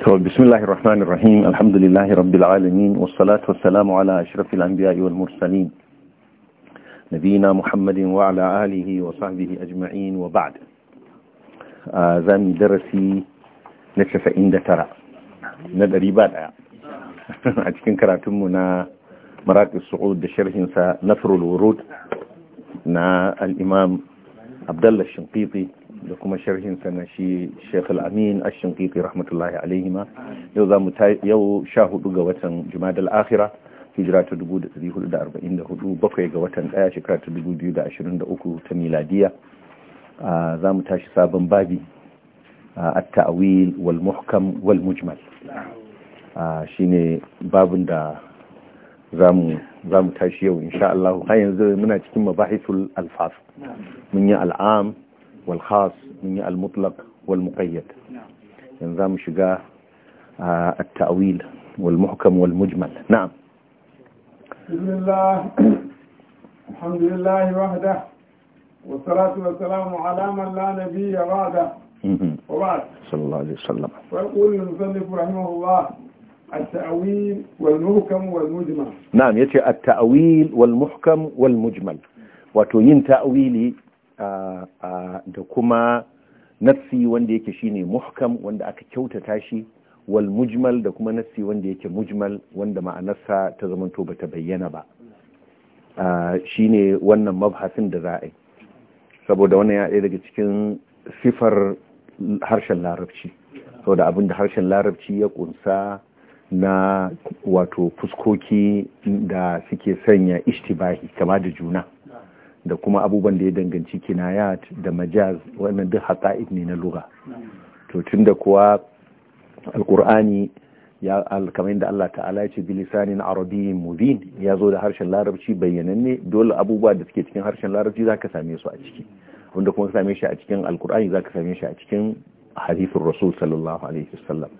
طيب، بسم الله الرحمن الرحيم الحمد لله رب العالمين والصلاة والسلام على أشرف الأنبياء والمرسلين نبينا محمد وعلى آله وصحبه أجمعين وبعد زامي درسي نشف عند ترى ندري بعد أتكن كراتمنا مراكز الصعود شرح نثر الورود نا الإمام عبد الله الشنقيطي da kuma sharhin sana shi Sheikh Al-Amin Ash-Shinqiti rahmatullahi alaihima yau za mu yau 14 ga watan Jumadal Akhira hijira ta 1444 bakwai ga watan daya shekara ta 2023 ta miladiya za mu tashi sabon babi at-ta'wil wal muhkam wal mujmal shine babin da za mu tashi yau insha Allah har yanzu muna cikin mabahisul alfaz mun yi al'am والخاص من المطلق والمقيد نظام نعم. شقاه آه، التأويل والمحكم والمجمل نعم بسم الله الحمد لله وحده والصلاة والسلام على من لا نبي بعده وبعد صلى الله عليه وسلم ويقول المصنف رحمه الله التأويل والمحكم والمجمل نعم يتي التأويل والمحكم والمجمل وتوين تأويلي da kuma nassi wanda yake shine muhkam wanda aka kyautata shi wal mujmal da kuma nassi wanda yake mujmal wanda ma'anarsa ta zamanto bata bayyana ba shine wannan mabhasin da za yi saboda wannan ya daga cikin sifar harshen larabci saboda abin da harshen larabci ya kunsa na wato fuskoki da suke sanya ishtibahi kama da juna da kuma abubuwan da ya danganci kinayat da majaz wannan duk haƙa'id ne na lura to tun da kuwa alƙur'ani ya kamar da Allah ta'ala ya ce na arabiyyin mubin ya zo da harshen larabci bayyananne dole abubuwa da suke cikin harshen larabci zaka same su a ciki wanda kuma ka same shi a cikin alƙur'ani zaka same shi a cikin hadisin rasul sallallahu alaihi wasallam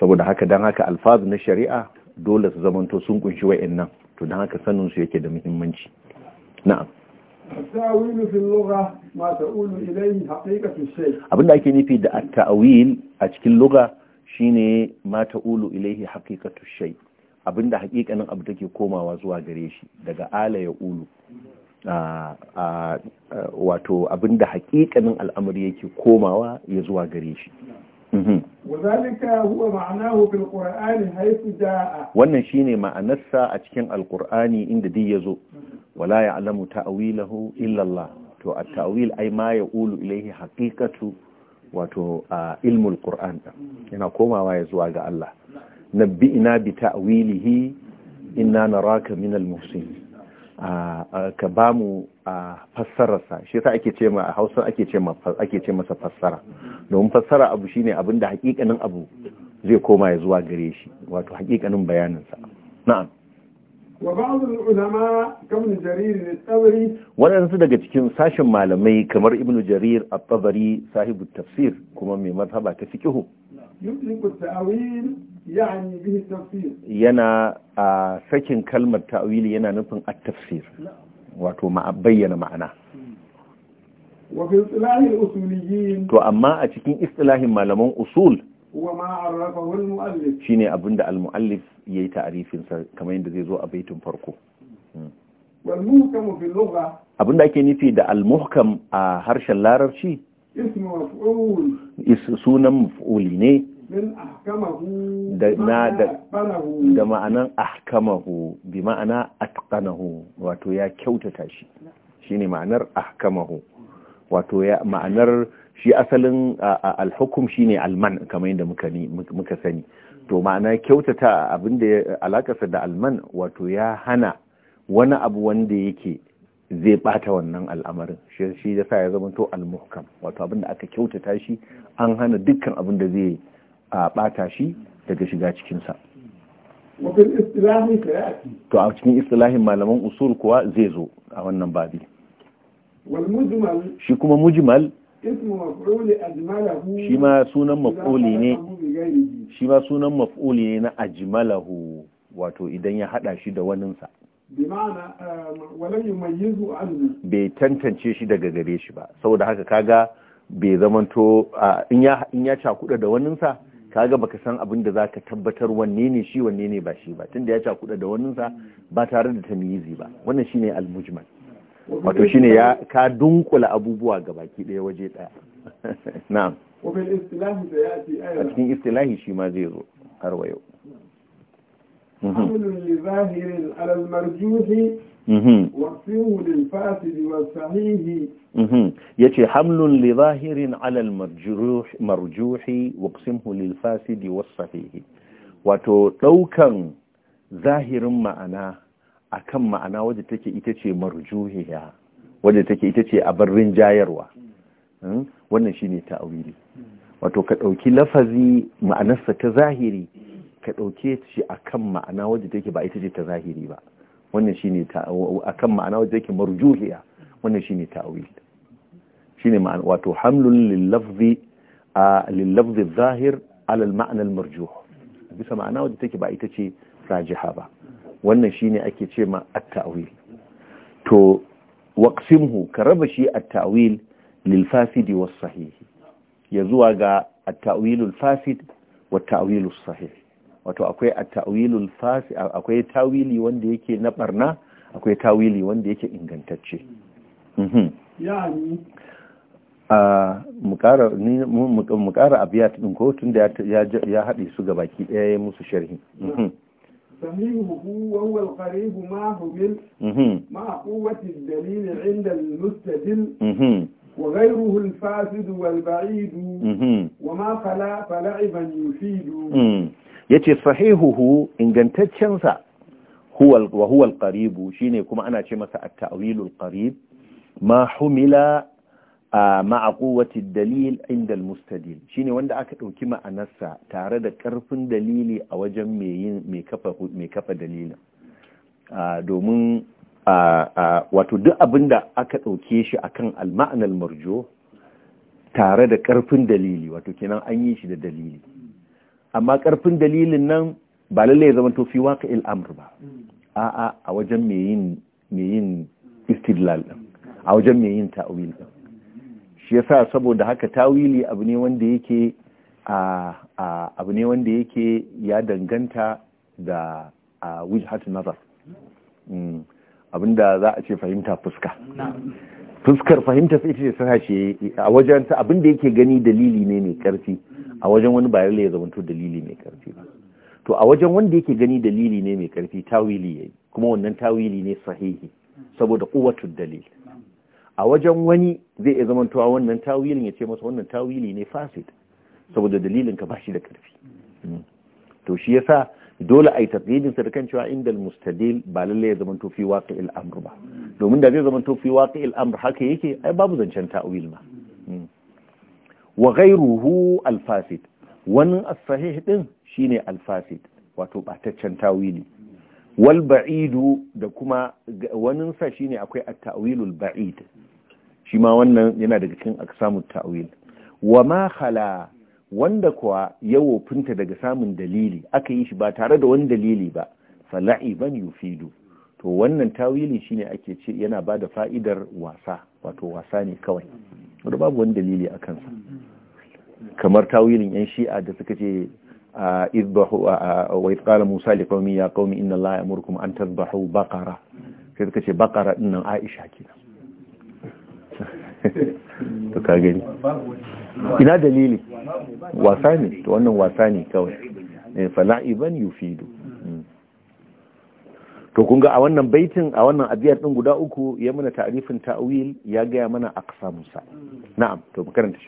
saboda haka dan haka alfazu na shari'a dole su zamanto sun kunshi wa'annan to dan haka sanin su yake da muhimmanci na'am التأويل في اللغة ما تقول إليه حقيقة الشيء أبدا أكي نفي التأويل أتكي اللغة shine ma ta'ulu ilaihi haqiqatu shay abinda hakikanin abu take komawa zuwa gare shi daga ala ya ulu wato abinda hakikanin al'amari yake komawa ya zuwa gare shi wannan shine ma'anarsa a cikin alkur'ani inda dai ya zo. wala ya ta'wilahu illa Allah to a tawil ai ma ya ulu ilayhi haqiqatu wato ilmul qur'an yana komawa ya zuwa ga Allah nabbi'ina bi ta'wilihi inna naraka minal muhsin ka ba mu fassararsa shi yasa ake ce ma a Hausa ake ce ake ce masa fassara domin fassara abu shine abinda hakikanin abu zai koma ya zuwa gare shi wato hakikanin bayanin na'am waɗansu daga cikin sashen malamai kamar ibnu jarir at-tabari sahibu tafsir kuma mai mazhaba ta fiqhu yana a sakin kalmar ta'awil yana nufin at-tafsir wato bayyana ma'ana to amma a cikin istilahin malaman usul shine abinda al-muallif yayi yi ta'arifinsa kamar yadda zai zo a baitin farko hmm. abinda ake nufi da al-muhkam a harshen larabci sunan maf'uli ne da ma'anan ahkamahu bi ma'ana atqanahu wato ya kyautata shi shine ma'anar ahkamahu wato ya ma'anar shi asalin alhukum shine alman kamar yadda muka sani to ma'ana kyautata abin da alakarsa da alman wato ya hana wani abu wanda yake zai bata wannan al'amarin shi ya sa ya zama to almuhkam wato abin da aka kyautata shi an hana dukkan abin da zai bata shi daga shiga cikinsa to a cikin istilahin malaman usul kuwa zai zo a wannan babi shi kuma mujmal shi ma sunan maf'uli ne na Ajimalahu, wato idan ya hada shi da waninsa eh, bai tantance shi daga gare shi ba saboda haka kaga bai zamanto in ya in ya cakuda da waninsa kaga baka san abin da zaka tabbatar wanne ne shi wanne ne ba shi ba tunda ya cakuda da waninsa ba tare da tamyizi ba wannan shine al-mujmal wato shine ya ka dunkula abubuwa gabaki daya waje daya na'am a cikin istilahi shi ma zai zo har wa yau حمل لظاهر على المرجوح وقفه للفاسد والصحيح يتي حمل لظاهر على المرجوح مرجوح وقسمه للفاسد والصحيح wato ɗaukan zahirin ma'ana akan ma'ana wadda take ita ce marjuhiya wadda take ita ce barin jayarwa. Hmm? wannan shi ne ta'awili wato ka ɗauki lafazi ma'anarsa ta zahiri ka ɗauke shi akan ma'ana wadda take ba ita ce ta zahiri ba wannan shi ne a kan ma'ana wadda take marjuhiya wannan shi ne ta'awili Shi ma'ana wato hamlun lillafzi zahir alal ma'anar marjuhu bisa ma'ana wadda take ba ita ce rajiha ba wannan shi ne ake ce ma at-ta'wil to waqsimhu ka raba shi at-ta'wil lil fasidi was sahih ya zuwa ga at-ta'wilul fasid wa at-ta'wilus sahih wato akwai at-ta'wilul fasid akwai tawili wanda yake na barna akwai tawili wanda yake ingantacce mhm yani ah, mu ƙara abiyat din ko tun da ya haɗe su gabaki, baki ɗaya musu sharhi. Mhm. صحيحه وهو القريب ما همل مع قوة الدليل عند المستدل وغيره الفاسد والبعيد وما خلا فلعبا يفيد يتي صحيحه إن جنتت شنسا هو وهو القريب شيني كما أنا شمس التأويل القريب ما حمل ma'a kowace dalil inda mustadil shine wanda aka ɗauki ma'anarsa tare da karfin dalili a wajen mai kafa dalilin domin wato duk abin da aka ɗauke shi akan alma'anar marjo tare da karfin dalili wato kenan an yi shi da dalili amma ƙarfin dalilin nan ba lallai zama tofi waka il'amur ba a'a a wajen mai yin istidlal a wajen mai yin ta'awil ɗin shi yasa saboda haka tawili abu ne wanda yake a abu ne wanda yake ya danganta da wujhat nazar mm. abinda za a ce fahimta fuska fuskar fahimta sai ce sana ce a wajen ta abinda yake gani dalili ne mai karfi a wajen wani ba ya zamanto dalili mai karfi ba to a wajen wanda yake gani dalili ne mai karfi tawili yayi kuma wannan tawili ne sahihi saboda quwwatul dalil a wajen wani zai iya zamantowa wannan tawilin ya ce masa wannan tawili ne fasid saboda dalilin ka bashi da karfi hmm. to shi yasa dole a yi taqidin sa da kan cewa inda mustadil ba lalle ya zamanto fi waqi'il amr ba domin da zai zamanto fi waqi'il amr haka yake ai babu zancen ta'wil ma hmm. wa ghayruhu al fasid wani as-sahih din shine al fasid wato bataccen tawili wal ba'idu da kuma sa shine akwai at-ta'wilul ba'id shi ma wannan yana daga cikin aksamut ta'wil wa ma khala wanda kuwa ya wofinta daga samun dalili aka yi shi ba tare da wani dalili ba fala'iban yufidu to wannan tawili shine ake ce yana bada fa'idar wasa wato wasa ne kawai wanda babu wani dalili a sa kamar tawilin yan shi'a da suka ce wa qala musa li qaumi ya qaumi inna allaha murkum an tadhbahu baqara sai suka ce baqara ɗinnan aisha kenan to ka gani ina dalili wasa ne to wannan wasa ne kawai fala'iban yufidu to kun ga a wannan baitin a wannan abiyar din guda uku ya mana ta'rifin ta'wil ya gaya mana aqsamusa na'am to mu karanta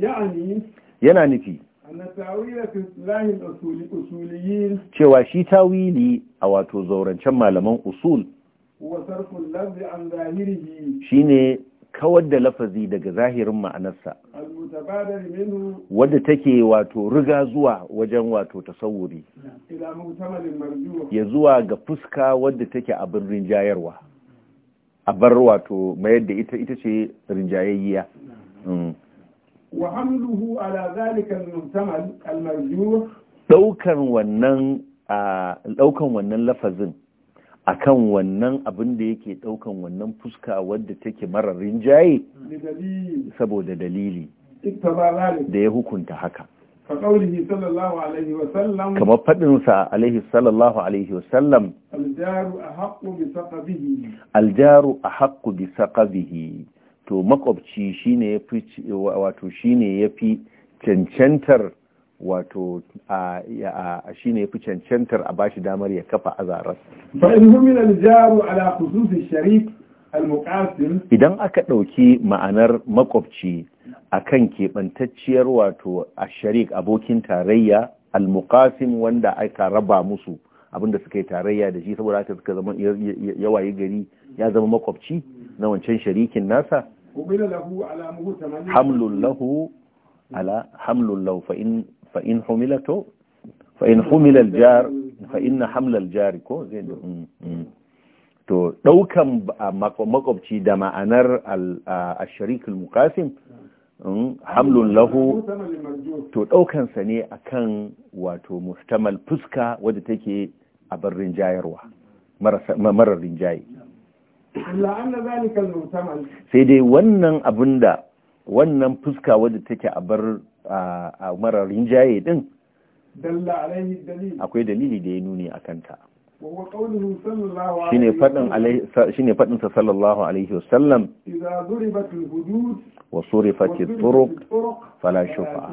ya'ani yana nufi cewa shi tawili a wato zaurancen malaman usul shi ne kawar da lafazi daga zahirin ma'anarsa wadda take wato riga zuwa wajen wato tasawuri ya zuwa ga fuska wadda take abin rinjayarwa a bar wato mayar da ita ce rinjayayya وحمله على ذلك المحتمل المرجوح ɗaukan wannan ɗaukan wannan lafazin akan wannan abin da yake ɗaukan wannan fuska wadda take marar rinjaye saboda dalili da ya hukunta haka kamar faɗinsa alaihi sallallahu alaihi wasallam aljaru a haƙƙu bi saƙabihi to makwabci shine ya fi wato shine ya fi cancantar wato a shine ya fi cancantar a bashi damar ya kafa azarar idan aka ɗauki ma'anar makwabci a kan keɓantacciyar wato a sharik abokin tarayya al wanda aka raba musu abinda suka yi tarayya da shi saboda haka suka zama yawaye gari ya zama makwabci na wancan sharikin nasa حمل له على حمل to daukan makwabci da ma'anar al-sharikul muqasim hamlun to ɗaukansa ne a kan wato muhtamal fuska wadda take a barrin jayarwa marar rinjaye sai dai wannan abin da wannan fuska wadda take a bar a marar rinjaye din akwai dalili da ya nuni a kanta shi ne sa sallallahu alaihi wasallam wa surifati turuk fala shufa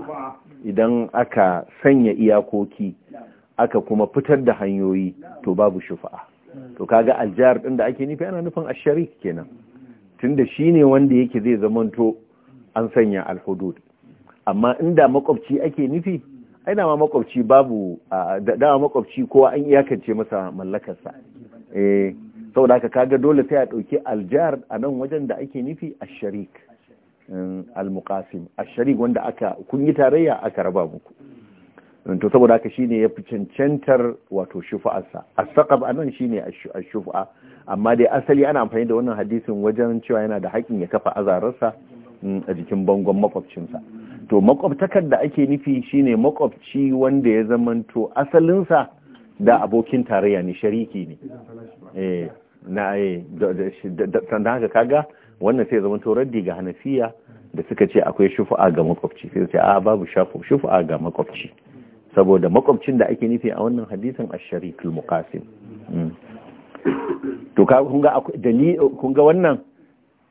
idan aka sanya iyakoki aka kuma fitar da hanyoyi to babu shufa'a to kaga aljihar ɗin da ake nufi ana nufin asharik kenan tunda shi ne wanda yake zai zamanto an sanya alhudud amma inda makwabci ake nufi ai ma makwabci babu da dama makwabci kowa an iyakance masa mallakar sa eh saboda haka kaga dole sai a ɗauki aljar a nan wajen da ake nufi asharik eh, al-muqasim asharik wanda aka kun yi tarayya aka raba muku to saboda haka shine ya fi cancantar wato shufa'arsa as a anan shine a shufa amma dai asali ana amfani da wannan hadisin wajen cewa yana da haƙin ya kafa azararsa mm, a jikin bangon makwabcinsa to makwabtakar da ake nufi shine makwabci wanda ya zamanto asalinsa da abokin tarayya ne shariki ne eh, na eh, da kaga wannan sai zamanto raddi ga hanafiya da suka ce akwai shufa'a ga makwabci sai sai a babu shufu'a ga makwabci saboda makwabcin da ake nufi a wannan hadisin ash-sharikul mm. to kun ga wannan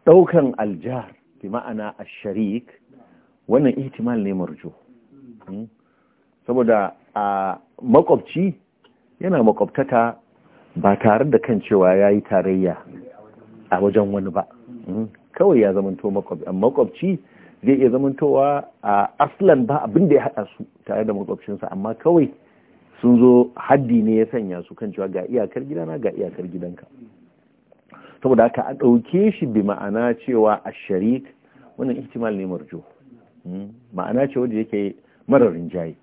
daukan aljar bi ma'ana ash wannan ihtimal ne marju mm. saboda a makwabci yana makwabtaka ba tare da kan cewa yayi tarayya a wajen wani ba mm. kawai ya zama zamanto makwabci zai iya zamantowa a aslan ba abin da ya haɗa su tare da makwabcinsa amma kawai sun zo haddi ne ya sanya su kan cewa ga iyakar gidana ga iyakar gidanka saboda haka a ɗauke shi bi ma'ana cewa a sharik wannan ihtimal ne marjo hmm? ma'ana cewa da yake marar rinjaye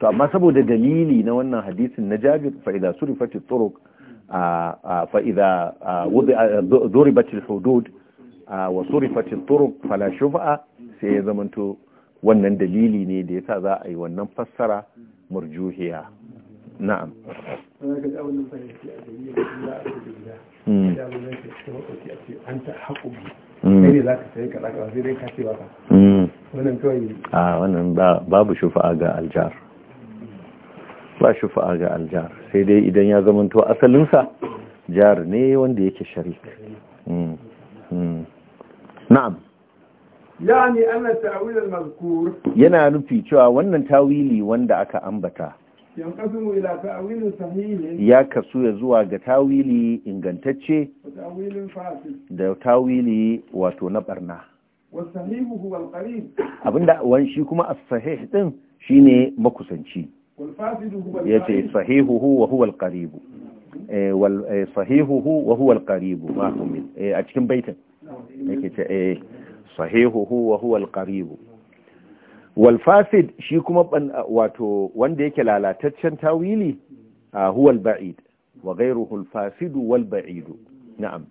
to amma saboda dalili na wannan hadisin na jabir fa idza surifat turuq fa idza wudi'a hudud wa surifat turuq fala shuf'a sai ya zamanto wannan dalili ne da yasa za a yi wannan fassara murjuhiya na'am hmm. hmm. a ah, wannan babu shufa'a ga aljar ba shufa'a ga aljar sai dai idan ya zamanto asalinsa jar ne wanda yake sharik hmm. na'am yani ana ta'wil mazkur yana nufi cewa wannan tawili wanda aka ambata ya kasu ya zuwa ga tawili ingantacce da tawili wato na barna abinda wani shi kuma a sahih din shi ne makusanci yace sahihuhu wa huwa eh, al eh, sahihuhu wa huwal karibu eh, a cikin baitin ya ke ce eh sahihuhu wa huwa alqarib wal fasid shi kuma wato wanda yake lalataccen tawili huwa al-ba'id wa ghayruhu al-fasid wal ba'id na'am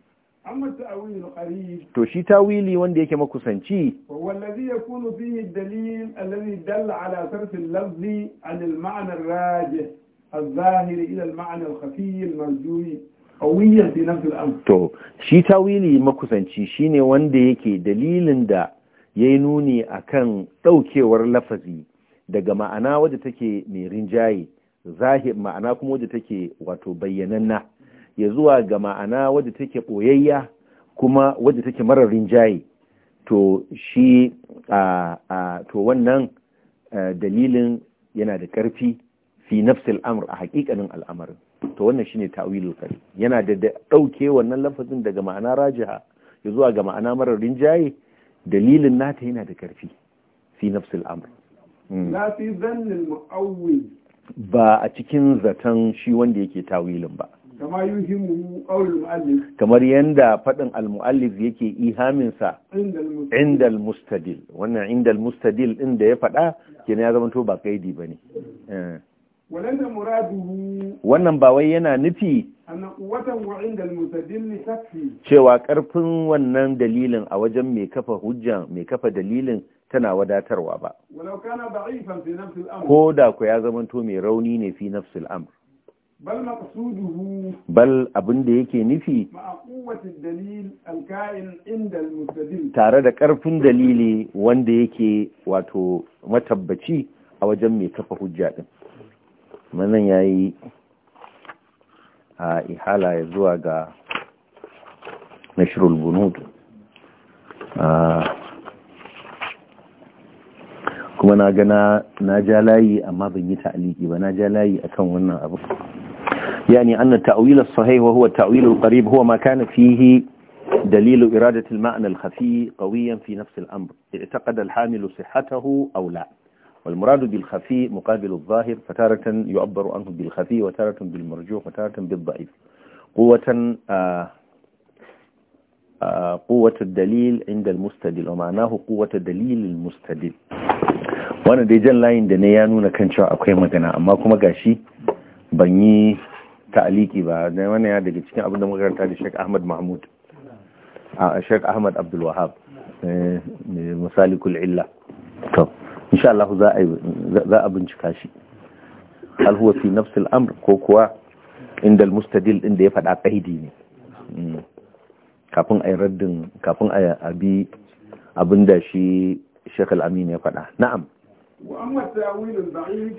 amma ta'wil qarib to shi tawili wanda yake makusanci wallazi yakunu fihi ad-dalil alladhi dalla ala sarf al-lafzi an al-ma'na ar-rajih الظاهر إلى المعنى الخفي المرجوي qawiyan to shi tawili makusanci shi ne wanda yake dalilin da yayi nuni a kan ɗaukewar lafazi daga ma'ana wadda take mai rinjaye zahi ma'ana kuma wadda take wato bayyananna ya zuwa ga ma'ana wadda take ɓoyayya kuma wadda take marar rinjaye to shi a to wannan dalilin yana da ƙarfi fi nafsil amr a haƙiƙanin al'amarin to wannan shine ta'wilul kari yana da dauke wannan lafazin daga ma'ana rajiha ya zuwa ga ma'ana marar rinjaye dalilin nata yana da karfi fi nafsul amr hmm. la fi dhannil mu'awwil ba a cikin zaton shi wanda yake tawilin ba kamar yadda faɗin al-mu'allif yake ihaminsa indal mustadil wannan indal mustadil ɗin da ya faɗa kenan ya zama to ba kaidi ba ne eh. wannan ba wai yana nufi cewa ƙarfin wannan dalilin a wajen mai kafa hujja mai kafa dalilin tana wadatarwa ba ko da ku ya zamanto mai rauni ne fi nafsul amr bal abin da yake nufi tare da ƙarfin dalili wanda yake wato matabbaci a wajen mai kafa hujja din manan ya yi ihala ya zuwa ga nashirul bunudu kuma na gana na ja layi amma ban yi ta'aliki ba na ja akan wannan abu yani anna ta'wil as-sahih wa huwa ta'wil al-qarib huwa ma kana fihi دليل إرادة المعنى الخفي قويا في نفس الأمر اعتقد الحامل صحته أو والمراد بالخفي مقابل الظاهر فتارة يعبر عنه بالخفي وتارة بالمرجوح وتارة بالضعيف قوة آه آه قوة الدليل عند المستدل ومعناه قوة دليل المستدل وانا دي جان da ne ya nuna kan cewa akwai magana amma kuma gashi ban yi ta'aliki ba da wannan daga cikin abin da muka karanta da Sheikh Ahmad Mahmud a Sheikh Ahmad Abdul Wahhab insha Allah za a bincika shi hal huwa fi nafsil amr ko kuwa inda al-mustadil inda da ya faɗa kaidi ne hmm. kafin a yi raddin kafin a abi abinda shi Sheikh Al-Amin ya faɗa na'am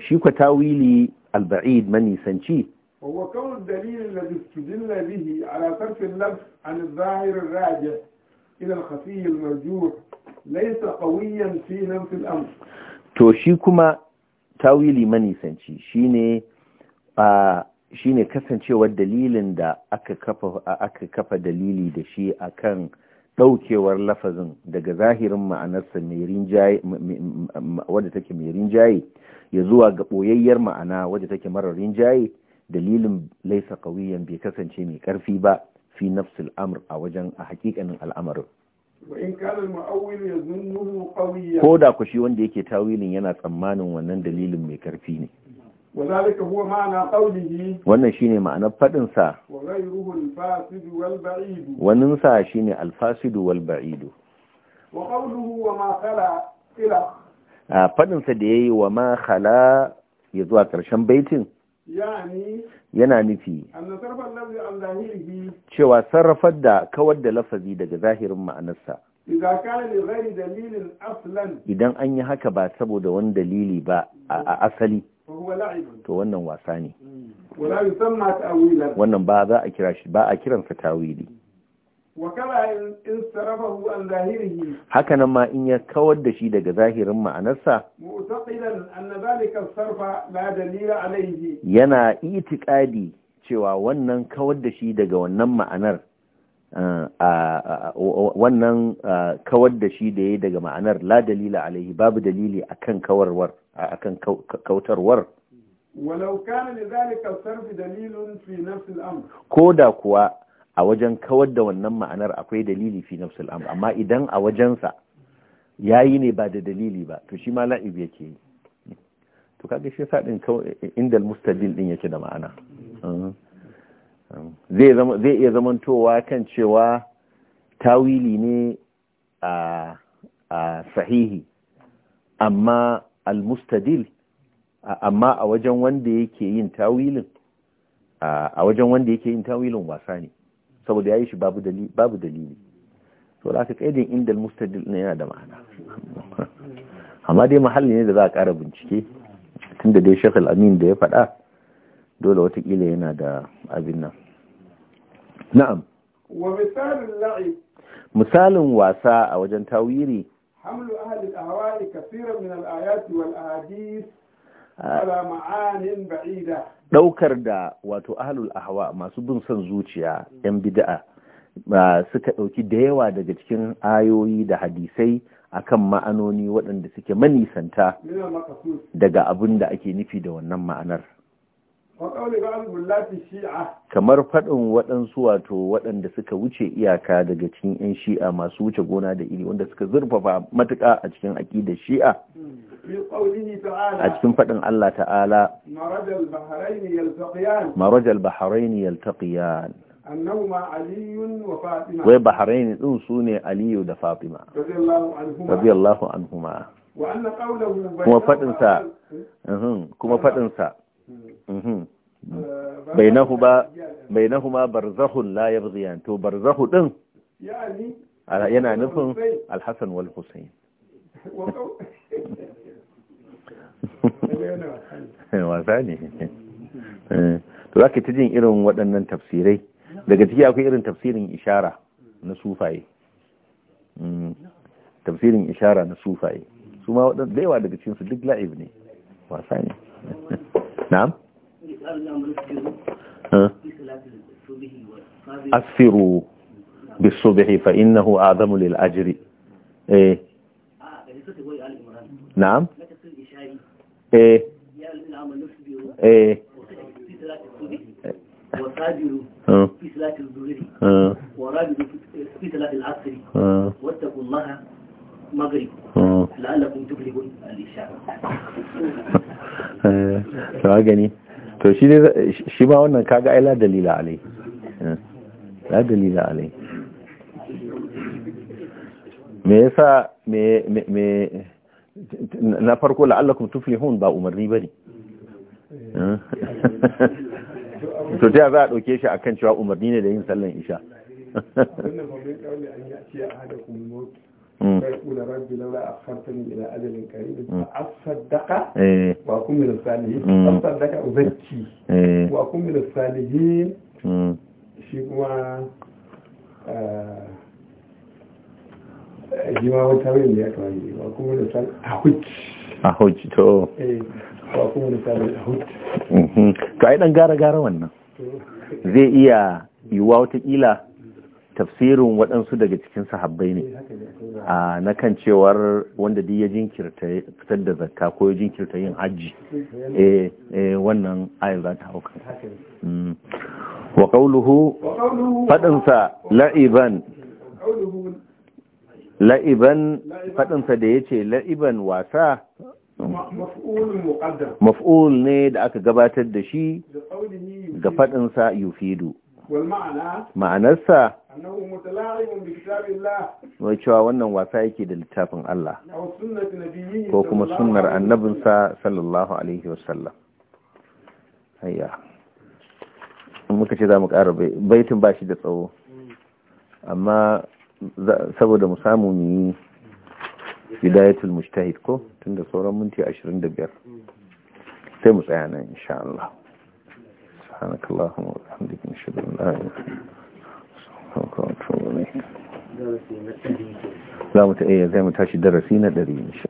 shi kwa tawili al-ba'id manisanci وهو كون الدليل الذي استدل به على an al-zahir al-rajih إلى الخفي المرجوح ليس قويا في نفس الأمر to shi kuma tawili manisanci shine kasancewar dalilin da aka kafa aka kafa dalili da shi a kan ɗaukewar lafazin daga zahirin ma'anarsa mai rinjaye wadda take mai rinjaye ya zuwa ga ɓoyayyar ma'ana wadda take marar rinjaye dalilin laisa qawiyan bai kasance mai ƙarfi ba fi nafsul amr a wajen a hakikanin al'amarin ko da ku shi wanda yake tawilin yana tsammanin wannan dalilin mai karfi ne wannan shi ne ma'anar faɗin sa wannan sa shi ne alfasidu wal ba'idu faɗin sa da yi wa ma khala ya zuwa ƙarshen baitin yana nufi cewa sarrafar da kawar da lafazi daga zahirin ma'anarsa idan an yi haka ba saboda wani dalili ba a asali to wannan wasa ne wannan ba za a kira shi ba a kiransa tawili hakanan ma in ya kawar da shi daga zahirin ma'anarsa yana itikadi cewa wannan kawar da shi daga wannan ma'anar wannan kawar da shi da ya daga ma'anar la dalila alaihi babu dalili akan kawarwar akan kautarwar walau kana ne zalika sarfi dalilun fi nafsi al Ko da kuwa a wajen kawar da wannan ma'anar akwai dalili fi nafsul amr amma idan a wajensa yayi ne ba da dalili ba to shi ma la'ib yake yi to kaga shi sadin inda al mustadil din yake da ma'ana zai zama zai iya zamantowa kan cewa tawili ne a a sahihi amma al-mustadil amma a wajen wanda yake yin tawilin a wajen wanda yake yin tawilin wasa ne saboda yayi shi babu dalili babu dalili to da aka inda mustadil ne yana da ma'ana amma dai mahalli ne da za a ƙara bincike tunda dai Sheikh Al-Amin da ya faɗa dole watakila yana da abin nan na'am wa misalin misalin wasa a wajen tawiri hamlu ahli al-ahwa'i kaseeran min al-ayati wal ahadith daukar da wato ahlul ahwa masu bin son zuciya yan bida'a, suka ɗauki da yawa daga cikin ayoyi da hadisai akan ma'anoni waɗanda suke manisanta daga abin da ake nufi da wannan ma'anar kamar faɗin waɗansu wato waɗanda suka wuce iyaka daga cikin 'yan shi'a masu wuce gona da iri wanda suka zurfafa matuƙa a cikin aƙidar shi'a a cikin faɗin Allah ta'ala marajal baharaini yaltaqiyan wai baharaini ɗin su ne aliyu da fatima radiyallahu anhuma kuma faɗinsa kuma faɗinsa Mhm. Eh, bainahu ba barzahun la yabghiyan to barzahu din yana nufin Alhassan hasan wal Hussein wasa ne eh, to za ta jin irin waɗannan tafsirai daga ciki akwai irin tafsirin ishara na sufaye mm. tafsirin ishara na sufaye su ma waɗanda da yawa daga cikinsu duk la'ib ne wasa ne نعم أثروا أه. بالصبح فإنه أعظم للأجر إيه نعم إيه إيه في صلاة الظهر ka gani to shi shi ma wannan kaga ai la dalila alai la dalila alai me yasa me me na farko la'allakum tuflihun ba umarni bane to ta za a dauke shi akan cewa umarni ne da yin sallan isha فيقول ربي لولا أخرتني إلى أجل قريب فأصدق وأكون من الصالحين أصدق أزكي وأكون من الصالحين da da da gara gara wannan zai iya yiwuwa watakila tafsirin waɗansu daga cikin sahabbai ne eh, a na kan cewar wanda ya jinkirta fitar da zakka ko ya jinkirta yin aji eh, eh wannan ayar za ta hau kan mm. wa ƙauluhu faɗinsa la'iban la'iban faɗinsa da ce la'iban wasa maf'ul ne da aka gabatar da shi ga faɗinsa yufidu ma'anarsa mai cewa wannan wasa yake da littafin Allah ko kuma sunnar annabinsa sallallahu alaihi wasallam hayya muka ce za mu ƙara baitin ba shi da tsawo amma saboda mu samu mu yi bidayatul mustahid ko tunda sauran minti 25 sai mu tsaya nan insha سبحانك اللهم وبحمدك نشهد ان لا اله الا انت لا متأيه زي متاشي درسينا دري